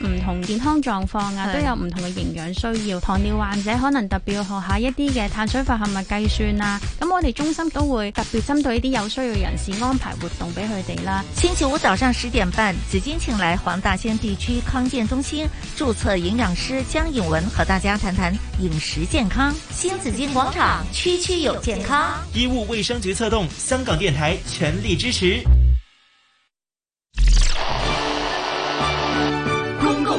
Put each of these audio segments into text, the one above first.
唔同健康狀況啊，都有唔同嘅營養需要。糖尿患者可能特別要學一下一啲嘅碳水化合物計算啊。咁我哋中心都會特別針對一啲有需要人士安排活動俾佢哋啦。星期五早上十點半，紫金請來黃大仙地區康健中心註冊營養師江穎雯和大家談談飲食健康。新紫金廣場區區有健康，醫務衛生局策動，香港電台全力支持。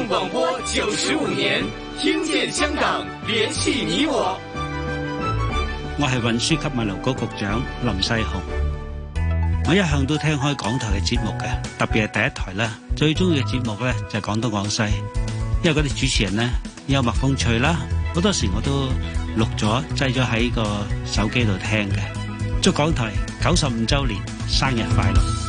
廣播九十五年，聽見香港，聯繫你我。我係運輸及物流局局長林世雄，我一向都聽開港台嘅節目嘅，特別係第一台咧，最中意嘅節目咧就係廣東廣西，因為嗰啲主持人咧幽默風趣啦，好多時候我都錄咗，制咗喺個手機度聽嘅。祝港台九十五周年生日快樂！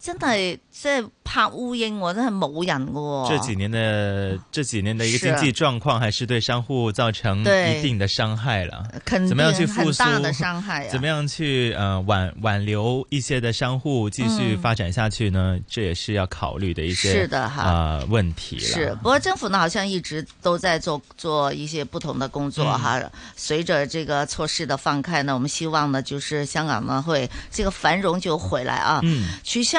真的，這拍烏蠅，我真是冇人哦。這幾年的這幾年的一個經濟狀況，還是對商戶造成一定的傷害了。肯定怎麼樣去很大的傷害、啊。怎麼樣去呃挽挽留一些的商戶繼續發展下去呢？嗯、這也是要考慮的一些是的哈、呃。問題。是，不過政府呢，好像一直都在做做一些不同的工作、嗯、哈。隨着這個措施的放開呢，我們希望呢，就是香港呢會這個繁榮就回來啊。嗯、取消。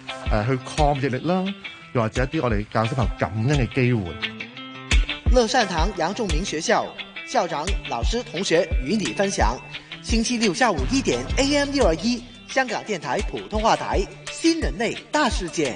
誒去抗逆力啦，又或者一啲我哋教小朋友感恩嘅機會。樂善堂楊仲明學校校長老師同學與你分享，星期六下午一點 AM 六二一香港電台普通話台《新人類大事件》。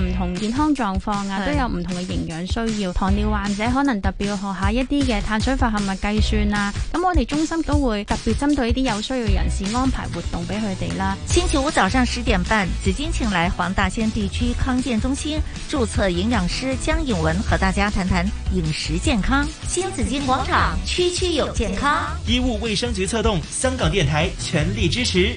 唔同健康狀況啊，都有唔同嘅營養需要。糖尿患者可能特別要學下一啲嘅碳水化合物計算啊，咁我哋中心都會特別針對一啲有需要人士安排活動俾佢哋啦。星期五早上十點半，紫金請來黃大仙地區康健中心註冊營養師江穎雯，和大家談談飲食健康。新紫金廣場，區區有健康，醫務衛生局策動，香港電台全力支持。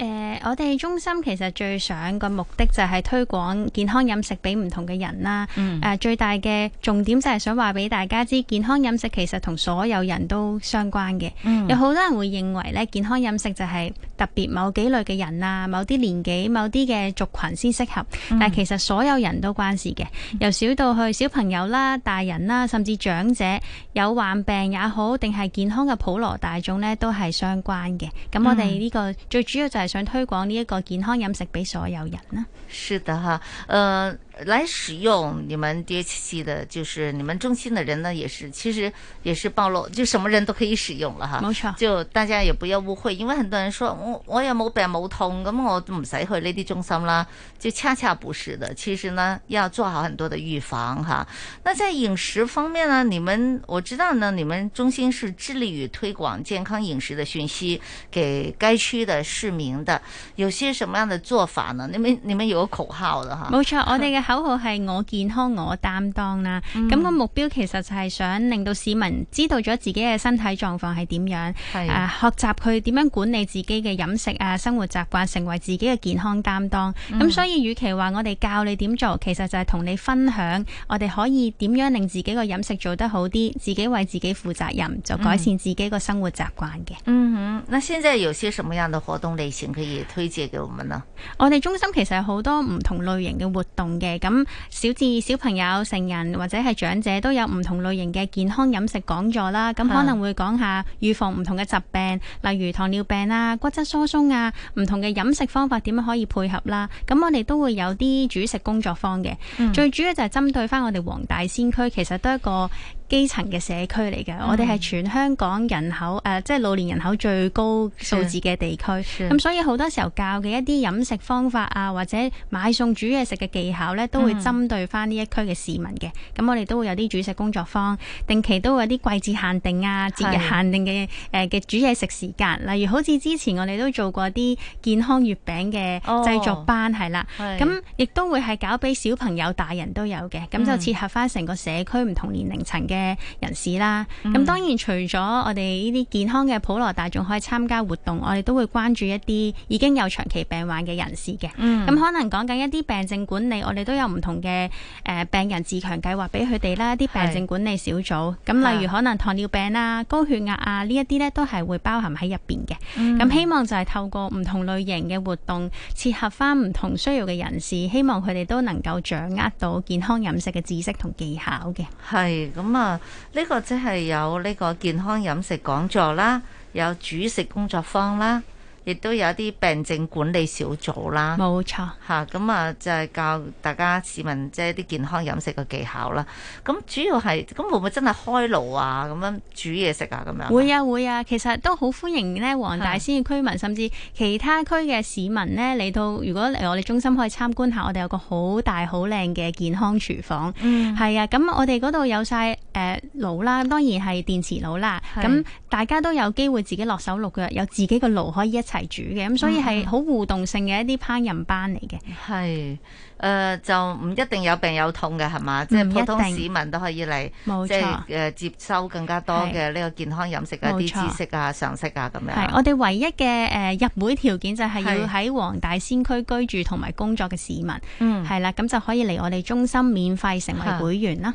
誒、呃，我哋中心其實最想個目的就係推廣健康飲食俾唔同嘅人啦。嗯啊、最大嘅重點就係想話俾大家知，健康飲食其實同所有人都相關嘅、嗯。有好多人會認為咧，健康飲食就係特別某幾類嘅人啊、某啲年紀、某啲嘅族群先適合、嗯，但其實所有人都關事嘅。由小到去小朋友啦、大人啦，甚至長者有患病也好，定係健康嘅普羅大眾咧，都係相關嘅。咁我哋呢個最主要就係、是。想推廣呢一個健康飲食俾所有人咧，是的嚇，誒、呃。來使用你們 DHC 的，就是你們中心的人呢，也是其實也是暴露，就什麼人都可以使用了哈。沒錯，就大家也不要誤會，因為很多人說我我也冇病冇痛，咁我都唔使去呢啲中心啦，就恰恰不是的。其實呢，要做好很多的預防哈。那在飲食方面呢，你們我知道呢，你們中心是致力於推廣健康飲食的訊息給該區的市民的，有些什麼樣的做法呢？你們你們有口號的哈。沒錯，我口號係我健康我擔當啦，咁、嗯、個目標其實就係想令到市民知道咗自己嘅身體狀況係點樣，誒、啊、學習佢點樣管理自己嘅飲食啊，生活習慣，成為自己嘅健康擔當。咁、嗯、所以，與其話我哋教你點做，其實就係同你分享，我哋可以點樣令自己個飲食做得好啲，自己為自己負責任，就改善自己個生活習慣嘅。嗯哼，那先即係有些什麼樣的活動類型可以推介給我們呢？我哋中心其實有好多唔同類型嘅活動嘅。咁小至小朋友、成人或者係長者都有唔同類型嘅健康飲食講座啦。咁可能會講下預防唔同嘅疾病，例如糖尿病啊、骨質疏鬆啊，唔同嘅飲食方法點樣可以配合啦。咁我哋都會有啲煮食工作坊嘅，嗯、最主要就係針對返我哋黃大仙區，其實都係一個基層嘅社區嚟嘅，mm. 我哋係全香港人口誒、呃，即係老年人口最高數字嘅地區。咁所以好多時候教嘅一啲飲食方法啊，或者買餸煮嘢食嘅技巧呢，都會針對翻呢一區嘅市民嘅。咁、mm. 我哋都會有啲煮食工作坊，定期都會有啲季節限定啊、節日限定嘅誒嘅煮嘢食時間。例如好似之前我哋都做過啲健康月餅嘅製作班係、oh. 啦，咁亦都會係搞俾小朋友、大人都有嘅。咁就切合翻成個社區唔同年齡層嘅人士啦，咁當然除咗我哋呢啲健康嘅普羅大眾可以參加活動，我哋都會關注一啲已經有長期病患嘅人士嘅，咁、嗯、可能講緊一啲病症管理，我哋都有唔同嘅誒病人自強計劃俾佢哋啦，一啲病症管理小組。咁例如可能糖尿病啊、高血壓啊呢一啲咧都係會包含喺入邊嘅，咁、嗯、希望就係透過唔同類型嘅活動，切合翻唔同需要嘅人士，希望佢哋都能夠掌握到健康飲食嘅知識同技巧嘅，係咁啊。呢、啊這個即係有呢個健康飲食講座啦，有煮食工作坊啦。亦都有一啲病症管理小組啦，冇錯吓，咁啊就係教大家市民即係啲健康飲食嘅技巧啦。咁主要係咁會唔會真係開爐啊？咁樣煮嘢食啊？咁樣會啊會啊，其實都好歡迎咧，黃大仙嘅居民甚至其他區嘅市民呢。嚟到，如果嚟我哋中心可以參觀下，我哋有個好大好靚嘅健康廚房，嗯，係啊，咁我哋嗰度有晒誒、呃、爐啦，當然係電磁爐啦，咁大家都有機會自己落手落腳，有自己嘅爐可以一齊為主嘅，咁所以係好互動性嘅一啲烹飪班嚟嘅。係誒、呃，就唔一定有病有痛嘅，係嘛？即係普通市民都可以嚟，冇錯誒，接收更加多嘅呢個健康飲食嘅一啲知識啊、常識啊咁樣。係我哋唯一嘅誒、呃、入會條件就係要喺黃大仙區居住同埋工作嘅市民，嗯，係啦，咁就可以嚟我哋中心免費成為會員啦。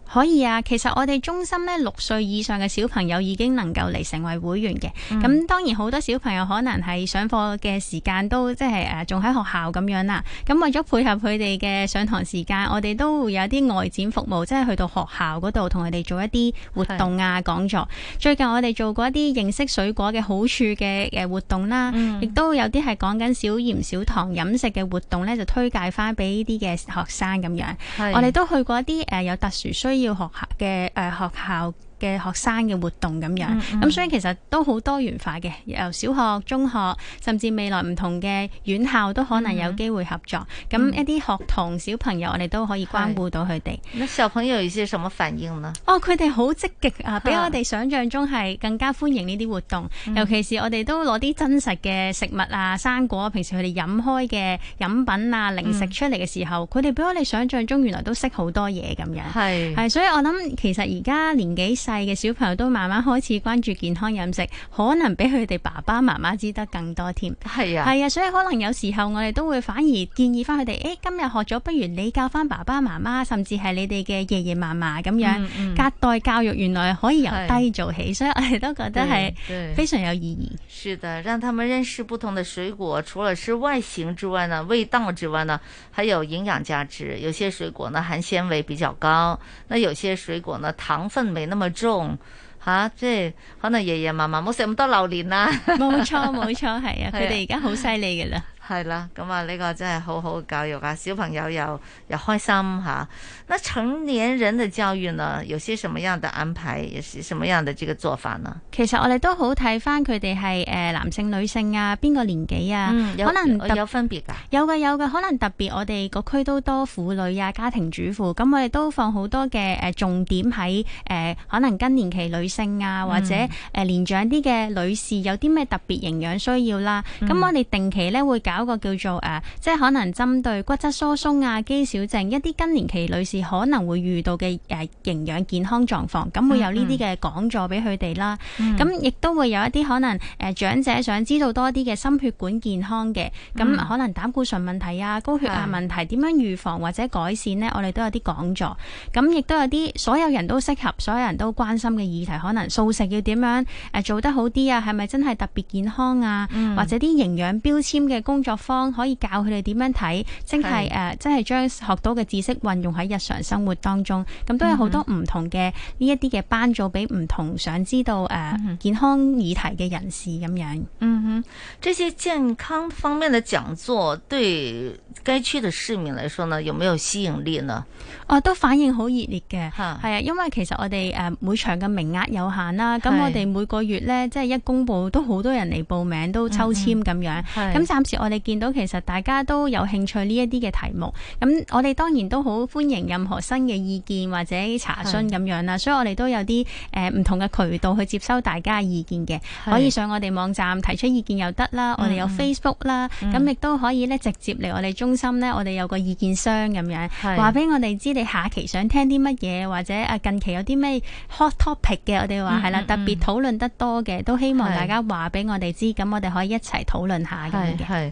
可以啊，其實我哋中心咧六歲以上嘅小朋友已經能夠嚟，成為會員嘅。咁、嗯、當然好多小朋友可能係上課嘅時間都即係誒仲喺學校咁樣啦。咁為咗配合佢哋嘅上堂時間，我哋都會有啲外展服務，即係去到學校嗰度同佢哋做一啲活動啊講座。最近我哋做過一啲認識水果嘅好處嘅誒活動啦，亦、嗯、都有啲係講緊少鹽少糖飲食嘅活動咧，就推介翻俾呢啲嘅學生咁樣。我哋都去過一啲誒有特殊需要。要學校嘅誒學校。嘅學生嘅活動咁樣，咁所以其實都好多元化嘅，由小學、中學，甚至未來唔同嘅院校都可能有機會合作。咁、嗯嗯、一啲學童小朋友，我哋都可以關顧到佢哋。小朋友有啲什麼反應呢？哦，佢哋好積極啊，比我哋想像中係更加歡迎呢啲活動、啊。尤其是我哋都攞啲真實嘅食物啊、生果、嗯，平時佢哋飲開嘅飲品啊、零食出嚟嘅時候，佢、嗯、哋比我哋想像中原來都識好多嘢咁樣。係係，所以我諗其實而家年紀細嘅小朋友都慢慢開始關注健康飲食，可能比佢哋爸爸媽媽知得更多添。係啊，係啊，所以可能有時候我哋都會反而建議翻佢哋，誒、哎，今日學咗，不如你教翻爸爸媽媽，甚至係你哋嘅爺爺嫲嫲咁樣、嗯嗯，隔代教育原來可以由低做起，所以我哋都覺得係非常有意義。是的，讓他們認識不同的水果，除了是外形之外呢，味道之外呢，還有營養價值。有些水果呢含纖維比較高，那有些水果呢糖分沒那麼。中嚇，即係可能爺爺嫲嫲冇食咁多榴蓮啦。冇錯冇錯，係啊，佢哋而家好犀利嘅啦。 係啦，咁啊呢個真係好好教育啊！小朋友又又開心吓。那成年人嘅教育呢，有些什麼樣的安排，有些什麼樣的這個做法呢？其實我哋都好睇翻佢哋係誒男性、女性啊，邊個年紀啊，可能有分別噶。有噶，有噶，可能特別我哋個區都多婦女啊，家庭主婦，咁我哋都放好多嘅誒重點喺誒、呃、可能更年期女性啊，嗯、或者誒年長啲嘅女士有啲咩特別營養需要啦。咁、嗯、我哋定期咧會搞。嗰個叫做誒、啊、即係可能針對骨質疏鬆啊、肌少症一啲更年期女士可能會遇到嘅誒營養健康狀況，咁會有呢啲嘅講座俾佢哋啦。咁、嗯、亦都會有一啲可能誒、啊、長者想知道多啲嘅心血管健康嘅，咁、嗯、可能膽固醇問題啊、高血壓問題點、嗯、樣預防或者改善咧，我哋都有啲講座。咁亦都有啲所有人都適合、所有人都關心嘅議題，可能素食要點樣誒做得好啲啊？係咪真係特別健康啊？嗯、或者啲營養標籤嘅工作。各方可以教佢哋點樣睇，即係誒，即係、啊、將學到嘅知識運用喺日常生活當中。咁都有好多唔同嘅呢一啲嘅班，組俾唔同想知道誒、嗯啊、健康議題嘅人士咁樣。嗯哼，這些健康方面的講座對該區的市民來說呢，有沒有吸引力呢？哦，都反映好熱烈嘅，係啊，因為其實我哋誒、啊、每場嘅名額有限啦，咁我哋每個月咧，即係一公布都好多人嚟報名，都抽籤咁、嗯、樣。咁暫時我。你見到其實大家都有興趣呢一啲嘅題目，咁我哋當然都好歡迎任何新嘅意見或者查詢咁樣啦，所以我哋都有啲呃、唔同嘅渠道去接收大家嘅意見嘅，可以上我哋網站提出意見又得啦、嗯，我哋有 Facebook 啦、嗯，咁亦都可以咧直接嚟我哋中心咧，我哋有個意見箱咁樣，話俾我哋知你下期想聽啲乜嘢，或者啊近期有啲咩 hot topic 嘅，我哋話係啦，特別討論得多嘅、嗯嗯，都希望大家話俾我哋知，咁我哋可以一齊討論下嘅。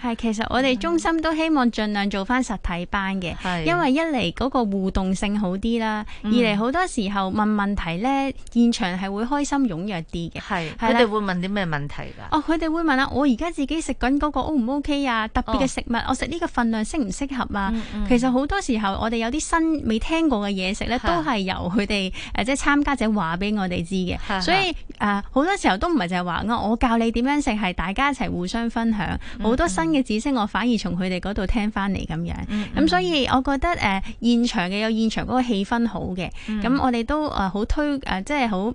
係，其實我哋中心都希望盡量做翻實體班嘅，嗯，因為一嚟嗰個互動性好啲啦，嗯，二嚟好多時候問問題呢，現場係會開心踊躍啲嘅。係，佢哋會問啲咩問題㗎？哦，佢哋會問啊，我而家自己食緊嗰個 O 唔 OK 啊？特別嘅食物，哦，我食呢個份量適唔適合啊？嗯嗯，其實好多時候我哋有啲新未聽過嘅嘢食呢，都係由佢哋即係參加者話俾我哋知嘅。所以好，呃，多時候都唔係就係話我我教你點樣食，係大家一齊互相分享好，嗯，多新。嘅知識，我反而從佢哋嗰度聽翻嚟咁樣，咁、嗯嗯、所以我覺得誒、呃，現場嘅有現場嗰個氣氛好嘅，咁、嗯、我哋都誒好、呃、推誒、呃，即係好。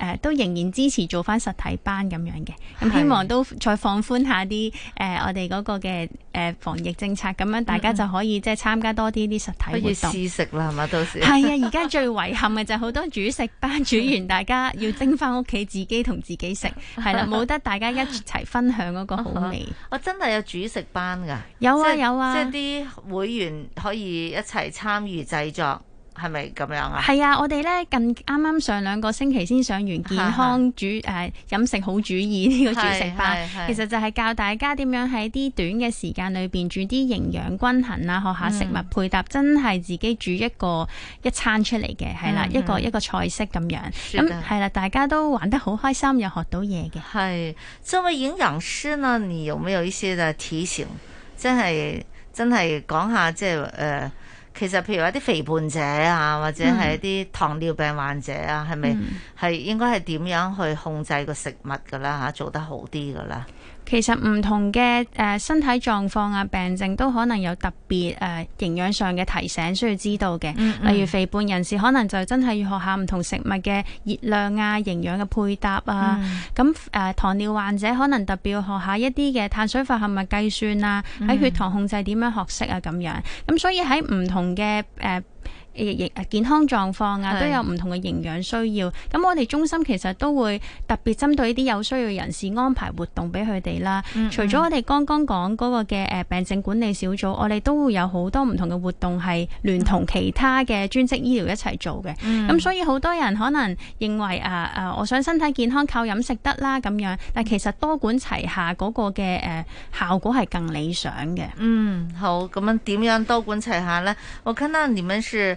誒、呃、都仍然支持做翻實體班咁樣嘅，咁希望都再放寬一下啲誒、呃、我哋嗰個嘅誒、呃、防疫政策，咁樣大家就可以、嗯、即係參加多啲啲實體活動。不如試食啦，係嘛？到時係啊，而家最遺憾嘅就係好多主食班煮 完，大家要蒸翻屋企自己同自己食，係 啦、啊，冇得大家一齊分享嗰個好味。 我真係有主食班㗎，有啊有啊，即係啲、啊、會員可以一齊參與製作。係咪咁樣啊？係啊，我哋呢，近啱啱上兩個星期先上完健康煮誒、啊呃、飲食好主意呢、呢個煮食班，其實就係教大家點樣喺啲短嘅時間裏邊煮啲營養均衡啦，學下食物配搭，嗯、真係自己煮一個一餐出嚟嘅係啦，一個、嗯、一個菜式咁樣咁係啦，大家都玩得好開心又學到嘢嘅。係作為營養師呢，你有沒有一些嘅 tips 真係真係講下即係誒。呃其實，譬如話一啲肥胖者啊，或者係一啲糖尿病患者啊，係咪係應該係點樣去控制個食物噶啦吓，做得好啲噶啦？其實唔同嘅、呃、身體狀況啊、病症都可能有特別、呃、營養上嘅提醒需要知道嘅、嗯嗯，例如肥胖人士可能就真係要學下唔同食物嘅熱量啊、營養嘅配搭啊，咁、嗯呃、糖尿患者可能特別要學下一啲嘅碳水化合物計算啊，喺、嗯、血糖控制點樣學識啊咁樣，咁所以喺唔同嘅、呃健康狀況啊，都有唔同嘅營養需要。咁我哋中心其實都會特別針對呢啲有需要人士安排活動俾佢哋啦。嗯嗯，除咗我哋剛剛講嗰個嘅誒病症管理小組，我哋都會有好多唔同嘅活動係聯同其他嘅專職醫療一齊做嘅。咁、嗯、所以好多人可能認為啊，啊我想身體健康靠飲食得啦咁樣。但其實多管齊下嗰個嘅誒、啊、效果係更理想嘅。嗯，好。咁樣點樣多管齊下呢？我看到你們是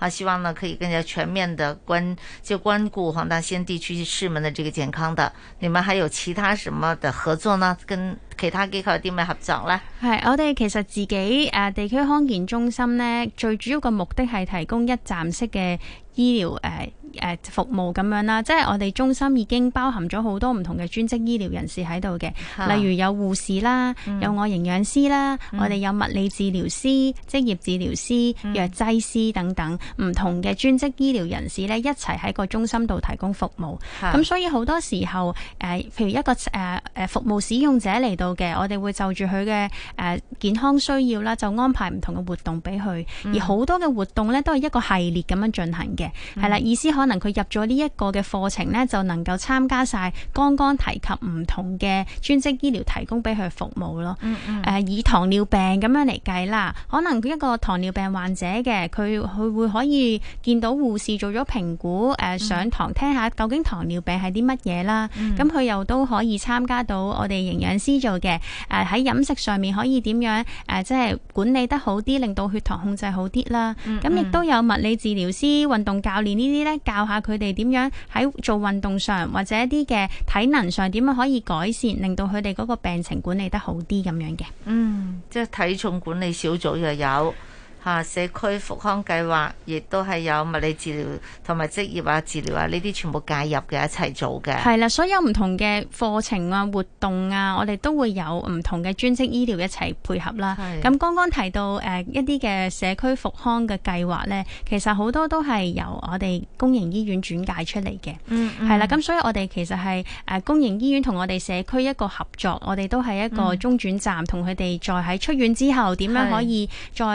好，希望呢可以更加全面的關就關顧黃大仙地區市民的這個健康的。你們還有其他什麼的合作呢？跟其他機構有啲咩合作呢？係我哋其實自己誒、啊、地區康健中心呢，最主要嘅目的係提供一站式嘅醫療誒誒服務咁樣啦。即係我哋中心已經包含咗好多唔同嘅專職醫療人士喺度嘅，例如有護士啦，嗯、有我營養師啦，嗯、我哋有物理治療師、職業治療師、嗯、藥劑師等等。唔同嘅專職醫療人士咧一齊喺個中心度提供服務，咁所以好多時候誒、呃，譬如一個誒誒、呃、服務使用者嚟到嘅，我哋會就住佢嘅誒健康需要啦，就安排唔同嘅活動俾佢，而好多嘅活動咧都係一個系列咁樣進行嘅，係、嗯、啦，意思可能佢入咗呢一個嘅課程咧，就能夠參加晒剛剛提及唔同嘅專職醫療提供俾佢服務咯，誒、嗯嗯呃、以糖尿病咁樣嚟計啦，可能一個糖尿病患者嘅佢佢會可可以見到護士做咗評估，誒、呃嗯、上堂聽下究竟糖尿病係啲乜嘢啦。咁、嗯、佢又都可以參加到我哋營養師做嘅，誒、呃、喺飲食上面可以點樣誒，即、呃、係、就是、管理得好啲，令到血糖控制好啲啦。咁、嗯、亦都有物理治療師、嗯、運動教練這些呢啲咧，教下佢哋點樣喺做運動上或者一啲嘅體能上點樣可以改善，令到佢哋嗰個病情管理得好啲咁樣嘅。嗯，即係體重管理小組又有。嚇、啊、社區復康計劃，亦都係有物理治療同埋職業啊治療啊呢啲全部介入嘅一齊做嘅。係啦，所有唔同嘅課程啊活動啊，我哋都會有唔同嘅專職醫療一齊配合啦。係。咁剛剛提到誒、呃、一啲嘅社區復康嘅計劃呢，其實好多都係由我哋公營醫院轉介出嚟嘅。嗯嗯。係啦，咁所以我哋其實係誒公營醫院同我哋社區一個合作，我哋都係一個中轉站，同佢哋再喺出院之後點樣可以再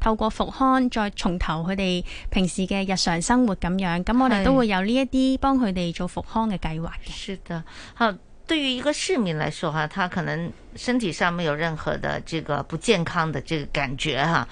誒。透過復康再重投，佢哋平時嘅日常生活咁樣，咁我哋都會有呢一啲幫佢哋做復康嘅計劃嘅。是啊，吓，對於一個市民來說，吓，他可能身體上沒有任何的這個不健康的這個感覺，哈，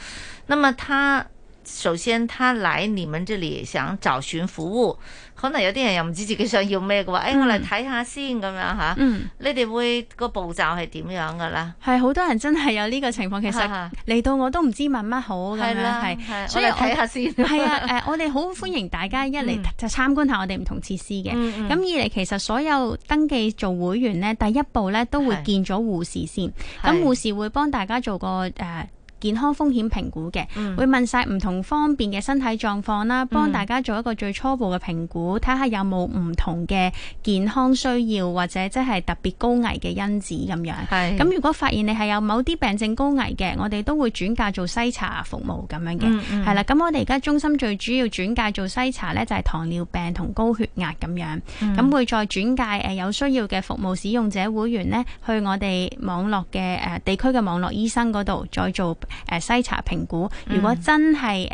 那麼他。首先，他來你們這裏想找尋服務，可能有啲人又唔知自己想要咩嘅話，誒、嗯哎，我嚟睇下先咁樣吓、嗯，你哋會個步驟係點樣嘅啦？係好多人真係有呢個情況，其實嚟到我都唔知問乜好咁樣，係、啊，所以睇下先係誒、啊 呃，我哋好歡迎大家一嚟就參觀一下我哋唔同設施嘅，咁二嚟其實所有登記做會員呢，第一步呢，都會見咗護士先，咁護士會幫大家做個誒。呃健康風險評估嘅、嗯，會問晒唔同方面嘅身體狀況啦，幫大家做一個最初步嘅評估，睇、嗯、下有冇唔同嘅健康需要或者即係特別高危嘅因子咁樣，係。咁如果發現你係有某啲病症高危嘅，我哋都會轉介做篩查服務的，咁樣嘅。係、嗯、啦，咁我哋而家中心最主要轉介做篩查咧，就係、是、糖尿病同高血壓，咁樣，咁、嗯、會再轉介誒、呃、有需要嘅服務使用者會員咧，去我哋網絡嘅誒、呃、地區嘅網絡醫生嗰度再做。誒、啊，篩查評估，如果真係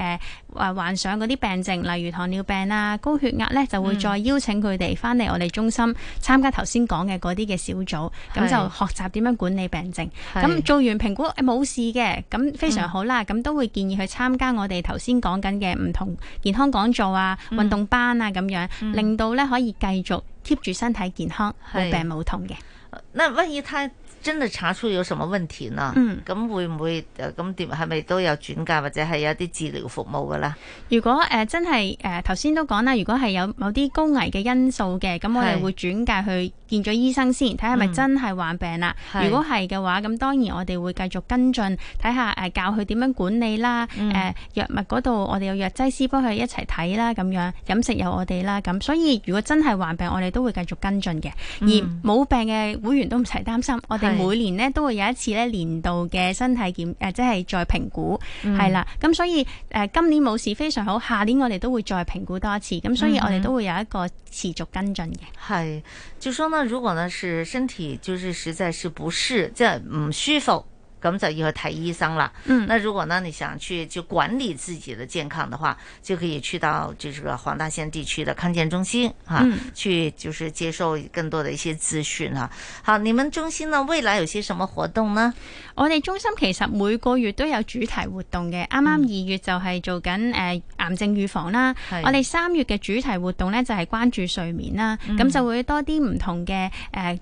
誒患上嗰啲病症，例如糖尿病啊、高血壓咧，就會再邀請佢哋翻嚟我哋中心參加頭先講嘅嗰啲嘅小組，咁、嗯、就學習點樣管理病症。咁做完評估，誒、哎、冇事嘅，咁非常好啦。咁、嗯、都會建議去參加我哋頭先講緊嘅唔同健康講座啊、嗯、運動班啊咁樣、嗯嗯，令到咧可以繼續 keep 住身體健康，冇病冇痛嘅。嗱，不要太……真係查出有什麼問題啦？嗯，咁會唔會誒咁點係咪都有轉介或者係有啲治療服務㗎啦？如果真係誒頭先都講啦，如果係、呃呃、有某啲高危嘅因素嘅，咁我哋會轉介去見咗醫生先，睇下係咪真係患病啦、嗯。如果係嘅話，咁當然我哋會繼續跟進，睇下、呃、教佢點樣管理啦，誒、嗯呃、藥物嗰度我哋有藥劑師幫佢一齊睇啦，咁樣飲食有我哋啦，咁所以如果真係患病，我哋都會繼續跟進嘅、嗯。而冇病嘅會員都唔使擔心，我哋。每年咧都會有一次咧年度嘅身體檢，誒、呃、即係再評估，係、嗯、啦。咁、嗯、所以誒、呃、今年冇事非常好，下年我哋都會再評估多一次。咁、嗯嗯、所以我哋都會有一個持續跟進嘅。係，就說呢，如果呢是身體就是實在是不適，即係唔舒服。咁就要去睇醫生啦。嗯，那如果呢，你想去就管理自己的健康的話，就可以去到就這個黃大仙地區的康健中心，吓、啊嗯，去就是接受更多的一些資訊啊。好，你們中心呢未來有些什麼活動呢？我哋中心其實每個月都有主題活動嘅。啱啱二月就係做緊誒、呃、癌症預防啦。我哋三月嘅主題活動呢，就係、是、關注睡眠啦。咁、嗯、就會多啲唔同嘅誒。呃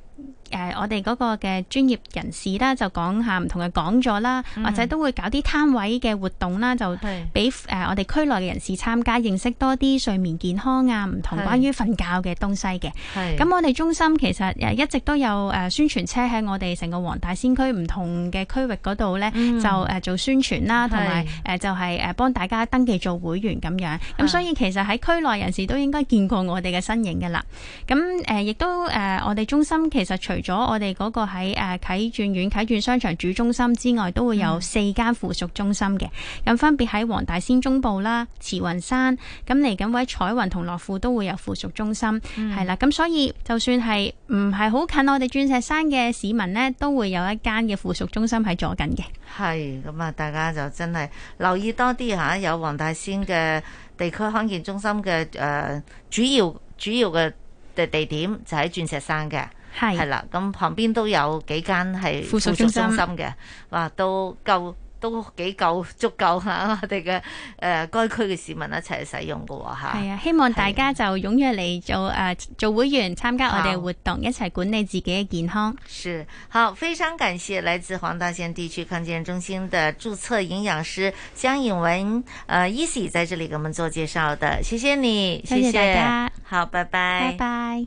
誒、呃，我哋嗰個嘅專業人士啦，就講下唔同嘅講座啦、嗯，或者都會搞啲攤位嘅活動啦，就俾誒、呃、我哋區內嘅人士參加，認識多啲睡眠健康啊，唔同關於瞓覺嘅東西嘅。咁我哋中心其實、呃、一直都有誒、呃、宣傳車喺我哋成個黃大仙區唔同嘅區域嗰度呢，嗯、就誒、呃、做宣傳啦，同埋誒就係、是、誒、呃、幫大家登記做會員咁樣。咁所以其實喺區內人士都應該見過我哋嘅身影㗎啦。咁誒亦都誒、呃、我哋中心其實除除咗，我哋嗰個喺誒啟鑽苑、啟鑽商場主中心之外，都會有四間附屬中心嘅。咁、嗯、分別喺黃大仙中部啦、慈雲山，咁嚟緊位彩雲同樂富都會有附屬中心係、嗯、啦。咁所以就算係唔係好近我哋鑽石山嘅市民咧，都會有一間嘅附屬中心喺左近嘅。係咁啊，大家就真係留意多啲吓，有黃大仙嘅地區康健中心嘅誒、呃、主要主要嘅嘅地點就喺鑽石山嘅。係係啦，咁旁邊都有幾間係附屬中心嘅，哇，都夠都幾夠足夠吓我哋嘅誒，該區嘅市民一齊使用嘅吓。係啊，希望大家就踴躍嚟做誒做會員，參加我哋嘅活動，一齊管理自己嘅健康。是好，非常感謝來自黃大仙地區康健中心的註冊營養師江穎雯，誒、呃、，Easy 在這裏給我們做介紹的，謝謝你謝謝，謝謝大家，好，拜拜，拜拜。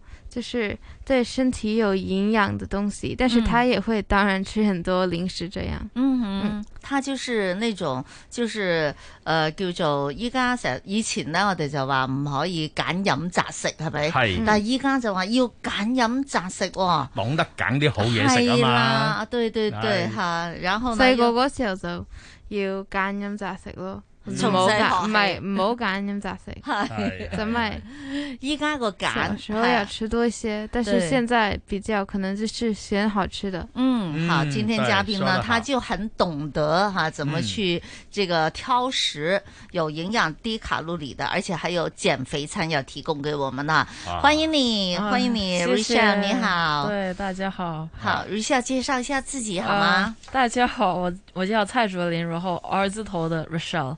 就是對身體有營養的東西，但是他也會當然吃很多零食，這樣。嗯哼嗯，他就是那種就是誒、呃、叫做依家成以前咧，我哋就話唔可以揀飲擇食，係咪？係。但係依家就話要揀飲擇食喎、哦，懂得揀啲好嘢食啊。對，啦對對對，係。然後細個嗰時候就要揀飲擇食咯。唔好買某感，唔好揀啲雜食，係，咁依家個感小時候要吃多一些、哎，但是現在比較可能就是選好吃的。嗯，好，今天嘉賓呢，嗯、他就很懂得哈、啊，怎麼去這個挑食，嗯、有營養、低卡路里的，而且還有減肥餐要提供給我們呢、啊、歡迎你，啊、歡迎你 Rachelle 你好，對，大家好，好 Rachelle 介紹一下自己好嗎、啊？大家好，我我叫蔡卓林，然後 R 字頭嘅 Rachelle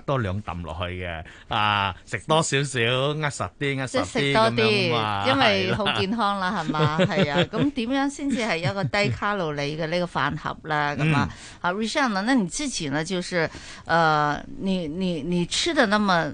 多兩啖落去嘅啊，食多少少，呃實啲，呃實啲咁樣，食多啲，因為好健康啦，係 嘛，係啊，咁點樣先至係一個低卡路里嘅呢個飯盒啦，咁、嗯、啊，好 r n 你之前呢，就是，誒、呃，你你你吃得那麼？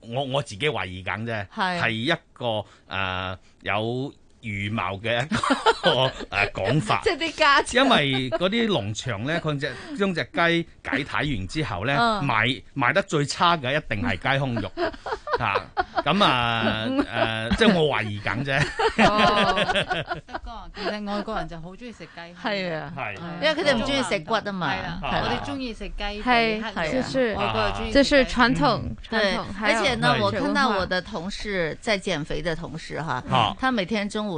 我我自己懷疑緊啫，係、啊、係一個誒、呃、有。預謀嘅一個誒講法，即係啲價錢。因為嗰啲農場咧，佢只將隻雞解體完之後咧，賣、嗯、賣得最差嘅一定係雞胸肉嚇。咁、 嗯、啊， 嗯嗯啊 即係我懷疑緊啫。哦， 德國人其實外國人就好中意食雞胸肉，係 啊係、啊，因為佢哋唔中意食骨啊嘛。係啦、啊啊啊啊、我哋中意食雞，係肉，外國中意。即係需要傳統，嗯傳統啊，而且呢、啊，我看到我的同事在減肥的同事哈，啊、他每天中午。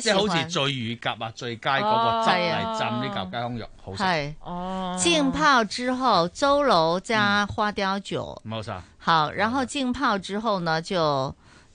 即係、就是、好似醉乳鴿啊，醉雞嗰個汁嚟浸呢嚿雞胸肉，好食。係哦，浸泡之後，糟滷加花雕酒，冇、嗯、錯。好，然後浸泡之後呢就。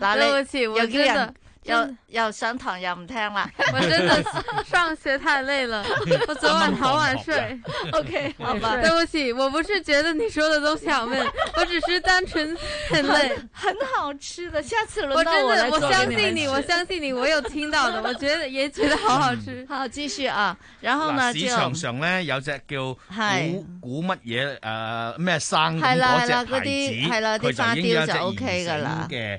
嗱，對不起，我真的要要上堂又唔聽啦，我真的，真的，上，我真的 上學太累了，我昨晚好晚睡。 OK，好吧，對不起，我不是覺得你說的東西好悶， 我只是單純很累很。很好吃的，下次輪到我。我真的我相信你，我相信你，我有聽到的，我覺得也覺得好好吃。嗯、好，繼續啊。然後呢？就常常、啊、呢，有隻叫古古乜嘢誒咩生嗰隻牌子，佢就 OK 㗎喇。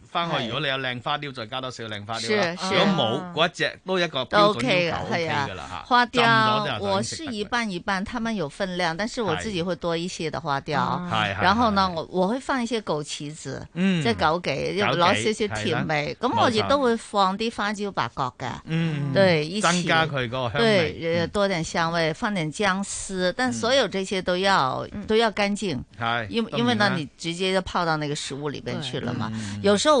翻去如果你有靚花雕，再加多少靚花雕，啊 okay, okay，花雕。如果冇嗰一隻都一個都 OK 嘅，係啊，花雕，我是一半一半，他們有分量，但是我自己會多一些的花雕。係係、嗯。然後呢，我我會放一些枸杞子，嗯，再枸杞。要、嗯、杞。再攞些些甜味，咁、啊、我亦都會放啲花椒、八角嘅。嗯。對，一起。增加佢嗰個香味，對、嗯。多點香味，放點薑絲，嗯、但所有這些都要、嗯、都要乾淨，係、嗯，因為因為呢，你直接就泡到那個食物裏邊去了嘛。有時候。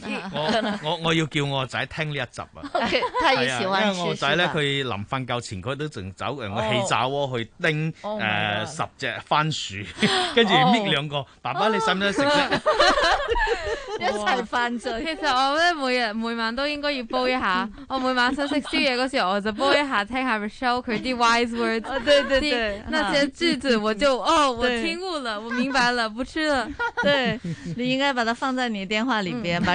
我 我我，我要叫我仔聽呢一集啊，係、okay, 啊，因為我仔咧佢臨瞓覺前佢都仲走誒個氣炸鍋去叮誒、oh, 呃、十隻番薯，oh, 跟住搣兩個，oh. 爸爸、oh. 你使唔使食一齊犯罪。其 實我咧每日每晚都應該要煲一下。 我每晚想食宵夜嗰時候我就煲一下聽下 Michelle 佢啲 wise words 啲、 哦對對對對，那些句子 我就哦我聽過了，我明白了，不吃了。對 你應該把它放在你電話裏邊 把。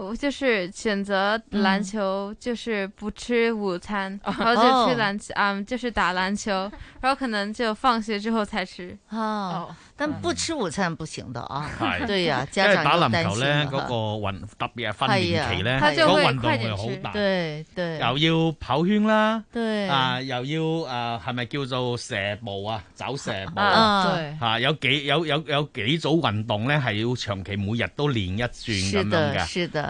我就是選擇籃球、嗯，就是不吃午餐，哦、然後就去籃球、嗯，嗯，就是打籃球，然後可能就放學之後才吃。哦，哦但不吃午餐不行的啊。 對呀、啊，因為打籃球咧，嗰 個運特別係訓練期咧，個 運動量好大。對對，又要跑圈啦。對。啊，又要啊，係咪叫做蛇步啊？走蛇步啊。啊對。吓、啊，有幾有有有幾組運動咧，係要長期每日都練一轉咁樣嘅。是的。是的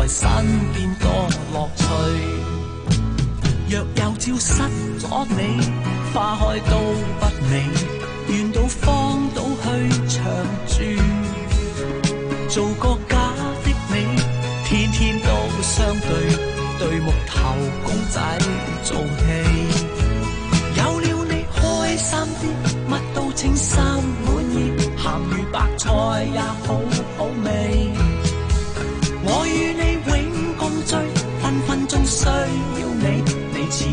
在身邊多樂趣。若有朝失咗你，花開都不美。願到荒島去長住，做個假的你，天天都相對，對木頭公仔做戲。有了你開心啲，乜都稱心滿意，鹹魚白菜也好好味。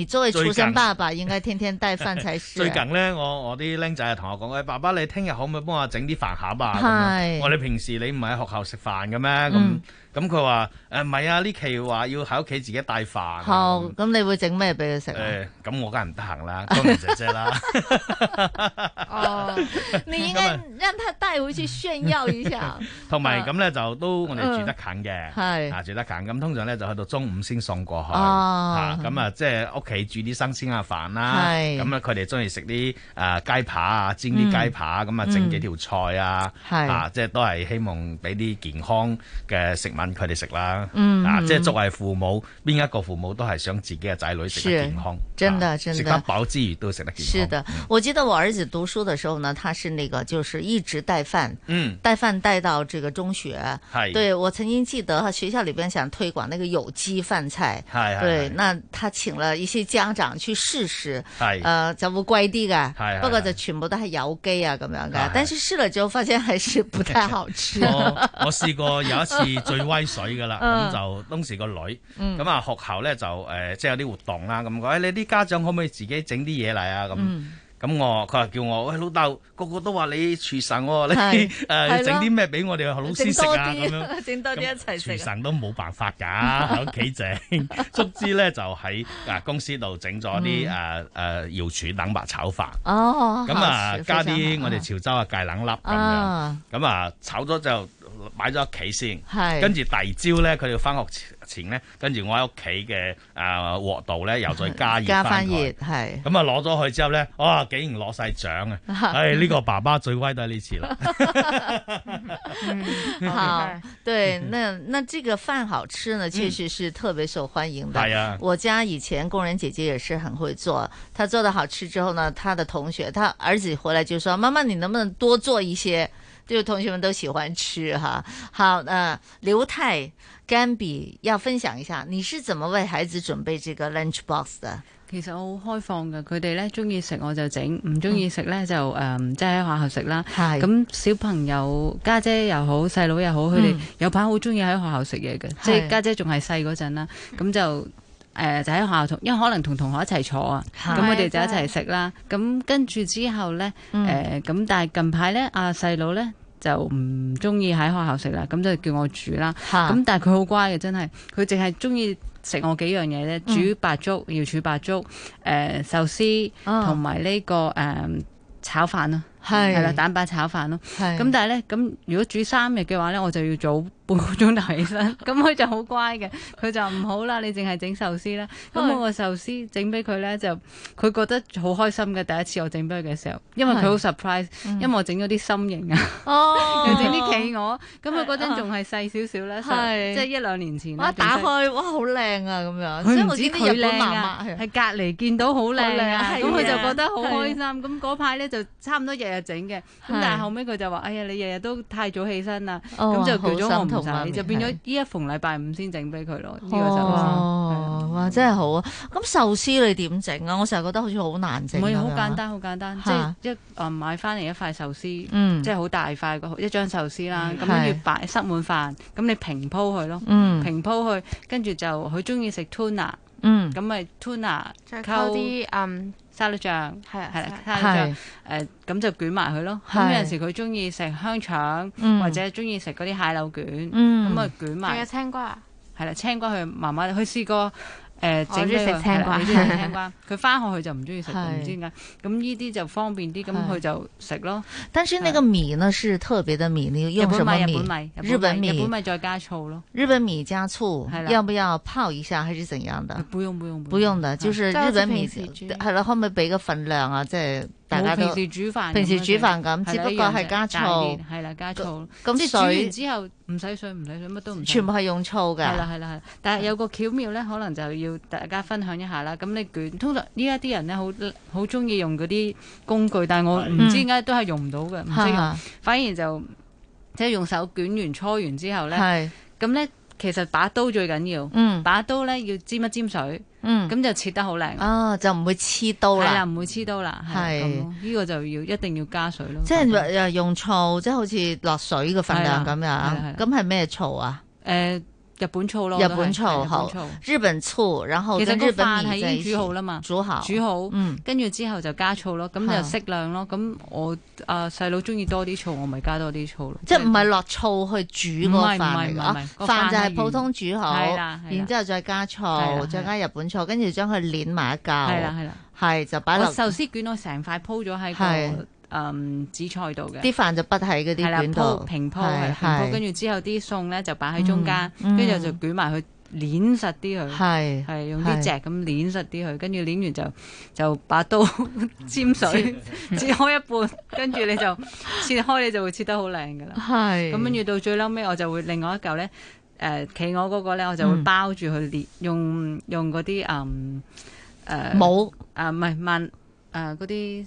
你作為出生爸爸，應該天天帶飯才是。最近咧，我我啲僆仔啊，同我講：喂，爸爸你聽日可唔可以幫我整啲飯盒啊？我哋平時你唔係喺學校食飯嘅咩？咁。嗯咁佢話誒，唔係，哎，啊，呢期話要喺屋企自己帶飯，啊。好，咁你會整咩俾佢食？誒，哎，咁我梗係唔得閒啦，工人姐姐啦。 哦，你應該讓他帶回去炫耀一下。同埋咁咧就都我哋住得近嘅，係，呃，啊住得近。咁通常咧就去到中午先送過去。哦。咁啊，即係屋企煮啲新鮮啊飯啦。係。咁咧佢哋中意食啲誒雞扒啊，煎啲雞扒，咁啊整幾條菜啊。係，嗯啊。啊，即係都係希望俾啲健康嘅食物。佢哋食啦，嗱、嗯，即、啊、係、就是、作為父母，邊一個父母都係想自己嘅仔女食得健康是，真的，食、啊、得飽之餘都食得健康。是的，我記得我兒子讀書的時候呢，他是那個就是一直帶飯，嗯，帶飯帶到這個中學，係，對我曾經記得學校裏邊想推廣那個有機飯菜，係，對，那他請了一些家長去試試，係，誒、呃，就會貴啲噶，係，不過就全部都係有機啊咁樣嘅，但是試了之後發現還是不太好吃。我，我試過有一次最。威水噶啦，咁就當時個女，咁啊學校咧就誒，即、呃、係有啲活動啦，咁講，誒你啲家長可唔可以自己整啲嘢嚟啊？咁、嗯、咁我佢話叫我，喂老豆，個個都話你廚神、哦，你誒整啲咩俾我哋老師食啊？咁樣整多啲一齊食、啊，廚神都冇辦法噶，喺屋企整，卒之咧就喺誒公司度整咗啲誒誒瑤柱蛋白炒飯，咁、哦、啊加啲我哋潮州啊芥冷粒咁樣，咁啊炒咗就。買咗屋企先，是跟住第二朝咧，佢哋翻學前咧，跟住我喺屋企嘅啊鑊度咧，又、呃、再加熱，加翻熱，係咁啊，攞咗去之後咧，哇，竟然攞晒獎啊！係、啊、呢、哎這個爸爸最威都係呢次啦。吓， 對，那那這個飯好吃呢，確實是特別受歡迎的。係、嗯、啊，我家以前工人姐姐也是很會做，她做得好吃之後呢，她的同學，她兒子回來就說：媽媽，你能不能多做一些？就同學們都喜歡吃哈，好，嗯、呃，劉太甘比要分享一下，你是怎麼為孩子準備這個 lunch box 啊？其實我好開放嘅，佢哋咧中意食我就整，唔中意食咧就誒，即係喺學校食啦。係咁小朋友家姐又好細佬又好，佢哋有排好中意喺學校食嘢嘅，即係家姐仲係細嗰陣啦。咁就誒、呃、就喺學校同，因為可能同同學一齊坐一、嗯呃、啊，咁我哋就一齊食啦。咁跟住之後咧，誒咁但係近排咧阿細佬咧。就唔中意喺學校食啦，咁就叫我煮啦。咁、啊、但係佢好乖嘅，真係佢淨係中意食我幾樣嘢咧、嗯，煮白粥、瑤柱白粥、誒、呃、壽司同埋呢個誒、呃、炒飯咯，係啦，蛋白炒飯咯。咁但係咧，咁如果煮三日嘅話咧，我就要早半個鐘頭起身，咁 佢 就好乖嘅，佢就唔好啦。你淨係整壽司啦，咁 我個壽司整俾佢咧，就佢覺得好開心嘅。第一次我整俾佢嘅時候，因為佢好 surprise，因為我整咗啲心形啊，嗯、 又整啲企鵝。咁佢嗰陣仲係細少少咧，即、嗯、係一兩年前。一打開哇，好靚啊，咁樣。佢唔知得幾多難壓，係隔離見到好靚，啊，咁佢、啊、就覺得好開心。咁嗰排咧就差唔多日日整嘅，咁但係後尾，佢就話：哎呀，你日日都太早起身啦，咁就咗就變咗依一逢禮拜五先整俾佢咯，呢、哦呢個就哇，哇真係好啊！咁壽司你點整啊？我成日覺得好似好難整，唔係，好簡單好簡單，簡單啊、即係一誒買翻嚟一塊壽司，嗯、即係好大塊一張壽司啦。咁樣要擺塞滿飯，咁你平鋪佢咯、嗯，平鋪去，跟住就佢中意食 tuna，咁咪 tuna，再溝啲嗯。沙律醬係係啦，沙律醬誒咁、啊呃、就捲埋佢咯。咁有陣時佢鍾意食香腸，嗯、或者鍾意食嗰啲蟹柳卷，咁、嗯、啊捲埋。仲、嗯、有青瓜啊，係啦，青瓜佢慢慢去佢試過。誒、呃、整啲食青瓜，佢翻學去就唔中意食，唔 知點解。咁呢啲就方便啲，咁佢就食咯。是但係先你個米呢，是特別的米呢？你用什麼米？日本米。日本米。日本米。日本米再加醋咯。日本米加醋，要不要泡一下，還是怎樣的？不用不用不用，不用的，就是日本米。係啦，可唔可以俾個份量啊？即係。大家平時煮飯，平時煮飯咁，只不過係加醋。係啦、就是，加醋。咁煮完之後唔使水，唔使水，乜都唔使。全部係用醋嘅。係啦，係啦，係。但係有個巧妙咧，可能就要大家分享一下啦。咁你捲，通常呢家啲人咧，好好中意用嗰啲工具，但係我唔知點解都係用唔到嘅，唔、嗯、知，反而就即係用手捲完搓完之後咧，咁咧。其實把刀最緊要、嗯，把刀咧要沾一沾水，咁、嗯、就切得好靚。啊，就唔會黐刀啦，唔會黐刀啦。係，呢、嗯呢個就要一定要加水咯。即係又用醋，即係好似落水嘅份量咁樣。咁係咩醋啊？呃日本醋咯，日本醋，日本醋好，日本醋，然後日本其實飯係已經煮好啦嘛，煮好，煮好，嗯，跟住之後就加醋咯，咁就適量咯，咁我啊細佬中意多啲醋，我咪加多啲醋咯，即係唔係落醋去煮個飯嚟咯，飯、啊、就係普通煮好，然之後再加醋，再加日本醋，跟住將佢碾埋一嚿，係啦係啦，係就擺壽司卷我成塊鋪咗喺個。嗯，紫菜度嘅啲飯就不喺嗰啲係啦，平鋪平鋪，跟住之後啲餸咧就擺喺中間，跟、嗯、住、嗯、就捲埋去捏實啲佢，係係用啲石咁捏實啲佢，跟住捏完就就把刀 沾水切開一半，跟 住你就 切開，你就會切得好靚嘅啦。係咁跟住到最嬲尾，我就會另外一嚿咧，誒、呃、企鵝嗰個咧，我就會包住佢捏，用用嗰啲嗯誒冇、呃、啊，唔係萬誒嗰啲。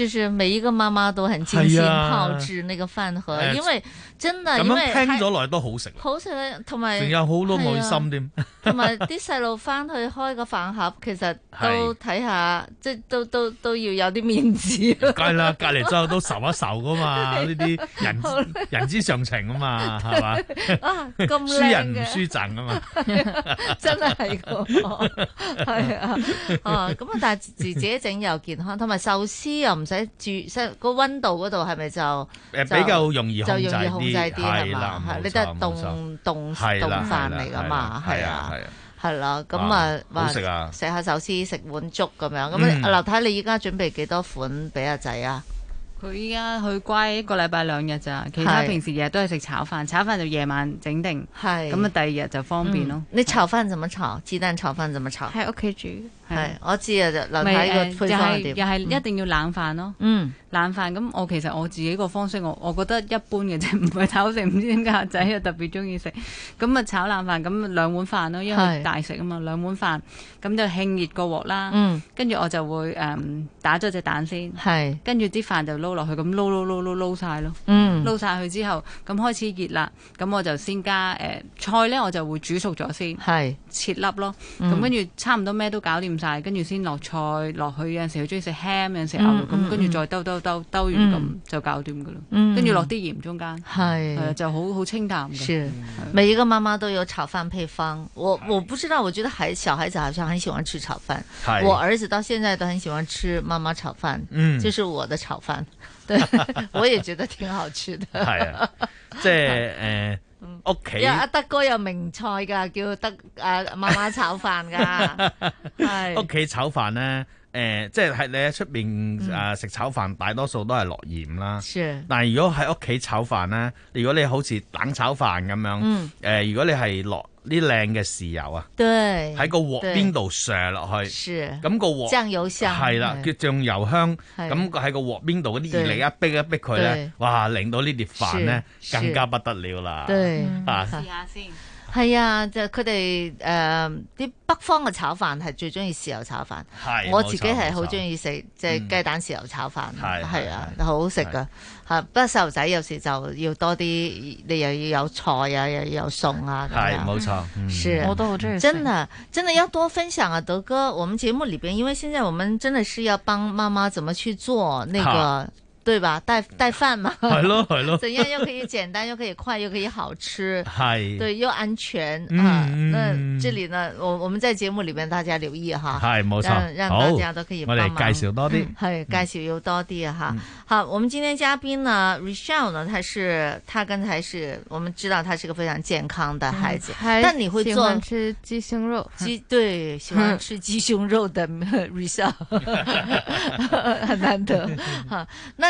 就是每一個媽媽都很精心炮製呢個飯盒，啊，因為真的咁樣聽咗來都好食，好食同埋仲有好多愛心添，同埋啲細路翻去開個飯盒，啊，其實都睇下，即係、啊、都都都要有啲面子了。梗係啦，隔籬之後都愁一愁噶嘛，呢啲、啊、人人之常情啊嘛，係、啊啊、 嘛？輸人唔輸陣啊嘛，真係係啊，咁啊，啊嗯嗯嗯、但係自己整又健康，同埋壽司又唔。使住，即個溫度嗰度係咪就比較容易控制啲？係啦，你都係凍凍凍飯嚟㗎嘛，係啊，係啦，咁啊，食下壽司，食碗粥咁樣。咁、嗯、啊，嗱，睇你依家準備幾多款俾阿仔啊？佢依家去乖，一個禮拜兩日咋，其他平時日日都係食炒飯，炒飯就夜晚整定，係咁啊，第二日就方便咯、嗯。你炒飯怎麼炒？雞蛋炒飯怎麼炒？喺屋企煮。係，我知啊，就留、是、個又係一定要冷飯咯。嗯、冷飯咁，我其實我自己個方式，我我覺得一般嘅啫，唔係炒食。唔知點解仔又特別中意食。咁啊炒冷飯，咁兩碗飯咯，因為大食啊嘛，兩碗飯咁就慶熱個鑊啦。跟、嗯、住我就會誒、嗯、打咗隻蛋先。係、嗯。跟住啲飯就撈落去，咁撈撈撈撈撈晒咯。撈晒佢之後，咁開始熱啦。咁我就先加誒菜咧，我就會煮熟咗先。係。切粒咯。咁跟住差唔多咩都搞掂。晒，跟住先落菜落去，有陣時好中意食 ham，有陣時牛肉咁，跟、嗯、住再兜兜兜兜完咁就搞掂噶啦。跟住落啲鹽中間，係、嗯、就好好清淡嘅。每一個媽媽都有炒飯配方，我我不知道，我覺得孩小孩子好像很喜歡吃炒飯，我兒子到現在都很喜歡吃媽媽炒飯，嗯，就是我的炒飯，對 我也覺得挺好吃的，係 啊，即係、呃屋企阿德哥有名菜噶，叫德誒媽媽炒飯噶，係 。屋企炒飯咧，誒、呃，即、就、係、是、你喺出邊誒食炒飯，大多數都係落鹽啦。但係如果喺屋企炒飯咧，如果你好似蛋炒飯咁樣，誒、嗯呃，如果你係落。呢靚嘅豉油啊，喺個鑊邊度射落去，咁個鑊醬油香係啦，叫醬油香，咁喺個鑊邊度啲熱力一逼一逼佢咧，哇，令到呢碟飯咧更加不得了啦，嗯，啊，試下先。係啊，就佢哋誒啲北方嘅炒飯係最中意豉油炒飯，我自己係好中意食即係雞蛋豉油炒飯，係、嗯、啊，啊，啊，啊，好好食噶嚇。不過細路仔有時就要多啲，你又要有菜啊，又要有餸啊咁樣。係冇錯，我都好中意。真的真的要多分享啊，德哥。我們節目裏邊，因為現在我們真的是要幫媽媽怎麼去做那個。對吧？帶帶飯嘛。係咯，怎樣又可以簡單， 又可以快，又可以好吃？ 對，對，又安全啊、嗯呃。那這裏呢，我我們在節目裏面大家留意哈。係、嗯嗯，讓讓大家都可以幫忙。我哋介紹多啲。係、嗯，介紹又多啲哈、嗯嗯啊。好，我們今天嘉賓呢 r i s h e l l e 呢，他是，他剛才是，我們知道他是個非常健康的孩子。還、嗯、喜歡吃雞胸肉。嗯、雞對，喜歡吃雞，、嗯、雞胸肉的 r i s h e l l e 很難得哈。那。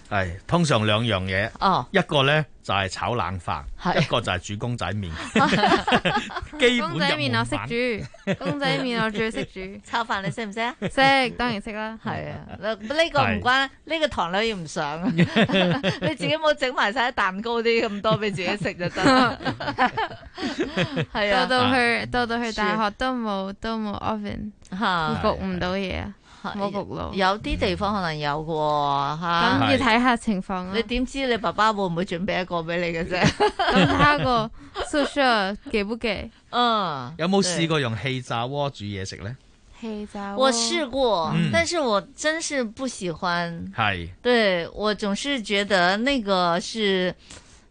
係、哎、通常兩樣嘢、哦，一個咧就係、係、炒冷飯，一個就係煮公仔麵 。公仔麵我識煮， 公仔麵我最識煮。炒飯你識唔識啊？識當然識啦，係啊。呢、呢個唔關呢、呢個糖女要唔想， 你自己冇整埋晒啲蛋糕啲咁多俾自己食就得、 啊。到到去到到去大學都冇都冇 oven 焗唔、啊、到嘢。有啲地方可能有嘅吓、嗯嗯嗯，要睇下情況咯、啊。你點知你爸爸會唔會準備一個俾你嘅啫？咁 下一個蘇 Sir，給不給？嗯，有冇試過用氣炸鍋煮嘢食咧？氣炸鍋我試過、嗯，但是我真係不喜歡。係，對我總是覺得那個是。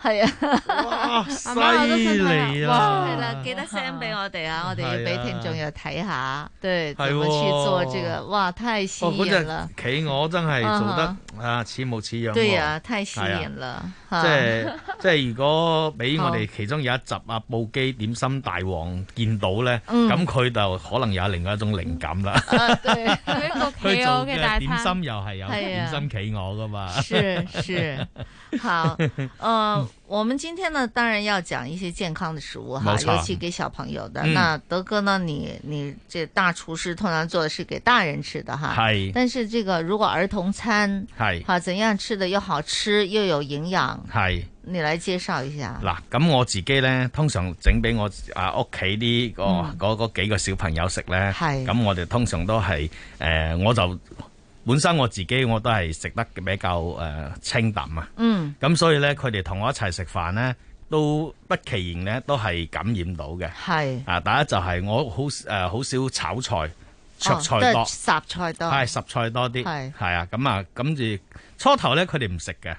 係啊，犀利 啊！都想係啦，記得 send 俾我哋啊，我哋要俾聽眾又睇下、啊，對，點樣去做呢、這個、啊？哇，太吸引啦！哦、企鵝真係做得、嗯、啊，似模似樣。對啊，太吸引了。是啊啊、即係即係，如果俾我哋其中有一集 啊，布基點心大王見到咧，咁、嗯、佢就可能有另外一種靈感啦。佢、嗯 啊、對 做嘅的、 okay, okay、點心又係有點心企鵝噶嘛？是、啊、 是，是 好，嗯、啊。我們今天呢，當然要講一些健康的食物哈，尤其給小朋友的，嗯。那德哥呢，你你這大廚師通常做的是給大人吃的哈。是。但是這個如果兒童餐，是。哈，怎樣吃的又好吃又有營養？是。你來介紹一下。嗱，咁我自己呢，通常整俾我啊屋企啲個嗰，嗯那個，幾個小朋友食呢。係。咁我哋通常都係誒，呃，我就。本身我自己我都係食得比較清淡啊，咁、嗯、所以咧佢哋同我一齊食飯咧，都不其然咧都係感染到嘅。係啊，第一就係、係、我好、呃、好少炒菜，灼菜多，烚、哦、菜多，係烚菜多啲，係啊，咁啊，跟、嗯、住、嗯、初頭咧佢哋唔食嘅。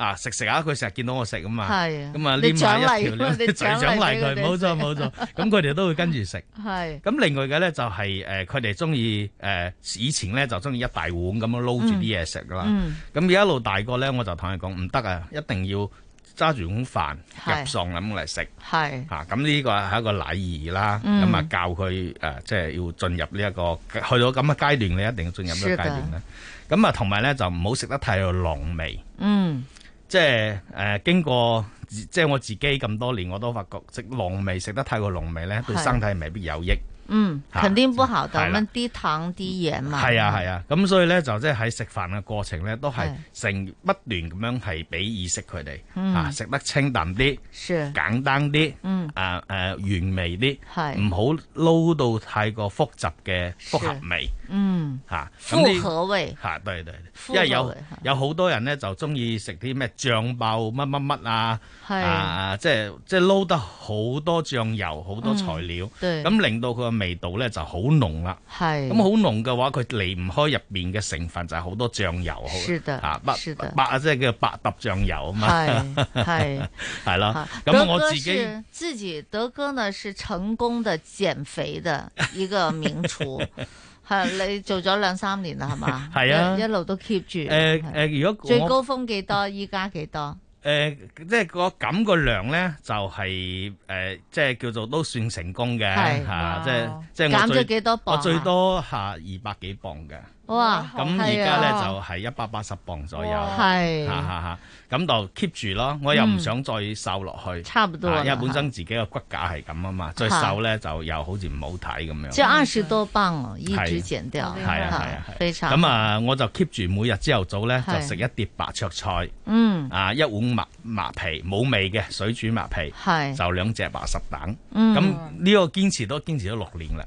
啊食食下，佢成日見到我食啊嘛，咁啊粘埋、嗯、一條脷，就係獎勵佢。冇錯冇錯，咁佢哋都會跟住食。係咁、啊嗯、另外嘅咧就係、是、誒，佢哋中意誒以前咧就中意一大碗咁樣撈住啲嘢食啦。咁而一路大個咧，我就同佢講唔得啊，一定要揸住碗飯入餸咁嚟食。係嚇，咁呢個係一個禮儀啦。咁、嗯、啊、嗯、教佢誒即係要進入呢、這、一個去到咁嘅階段你一定要進入呢個階段咧。咁啊同埋咧就唔好食得太濃味。嗯。即係誒，經過即係我自己咁多年，我都發覺食濃味食得太過濃味咧，對身體未必有益。嗯，肯定不好，就咁樣啲糖啲嘢嘛。係啊係啊，咁所以咧就即係喺食飯嘅過程咧，都係成不斷咁樣係俾意識佢哋啊，食得清淡啲，簡單啲，嗯啊誒，原味啲，係唔好撈到太過複雜嘅複合味。嗯吓、啊，複合味吓、啊，對對，對，因為有有好多人咧就中意食啲咩醬爆乜乜乜啊，係啊即係即係撈得好多醬油好多材料，嗯、對，咁令到佢嘅味道咧就很濃、嗯、好濃啦，係咁好濃嘅話，佢離唔開入面嘅成分就係好多醬油，係的，啊，是的白白即係叫白搭醬油啊嘛，係係係啦，咁我自己自己德哥呢是成功的減肥的一個名廚。 係 你做咗兩三年啦，係嘛？係啊，一路都 keep 住。誒、呃、誒、呃，如果最高峰幾多？依家幾多？誒、呃，即係我減個量咧，就係、是、誒、呃，即係叫做都算成功嘅吓、啊啊，即係、啊、即係減咗幾多磅？我最多吓二百幾磅嘅。哇！咁而家咧就係一百八十磅左右，係、啊，吓吓吓，咁、啊、就 keep 住咯。我又唔想再瘦落去、嗯，差唔多，因為本身自己個骨架係咁啊嘛，再瘦咧就又好似唔好睇咁樣。即係二十多磅啊，一直減掉，啊啊，咁啊，啊，啊，啊，啊，我就 keep 住每日朝頭早咧就食一碟白灼菜，嗯，啊一碗麥麥皮冇味嘅水煮麥皮，就兩隻白烚蛋，咁、嗯、呢個堅持都堅持咗六年啦。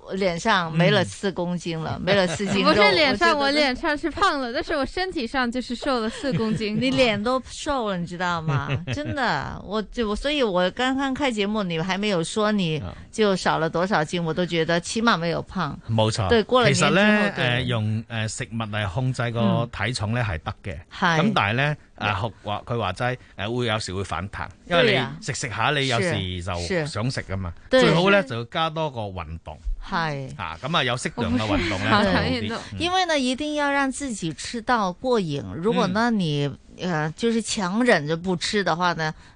臉上沒了四公斤了，嗯、沒了四斤肉。不是臉上我，我臉上是胖了，但是我身體上就是瘦了四公斤。 你臉都瘦了，你知道嗎？真的，我就所以我剛剛開節目，你還沒有說你就少了多少斤，我都覺得起碼沒有胖。冇錯，對，過了其實咧，誒、呃，用誒食物嚟控制個體重咧係得嘅。係、嗯。咁但係咧。啊，話佢話齋，誒會有時會反彈，因為你食食下，你有時就想食㗎嘛。最好咧就要加多個運動，嚇咁啊有適量嘅運動咧好啲。 因為咧一定要讓自己吃到過癮，如果呢、嗯、你誒、呃、就是強忍著不吃的話呢？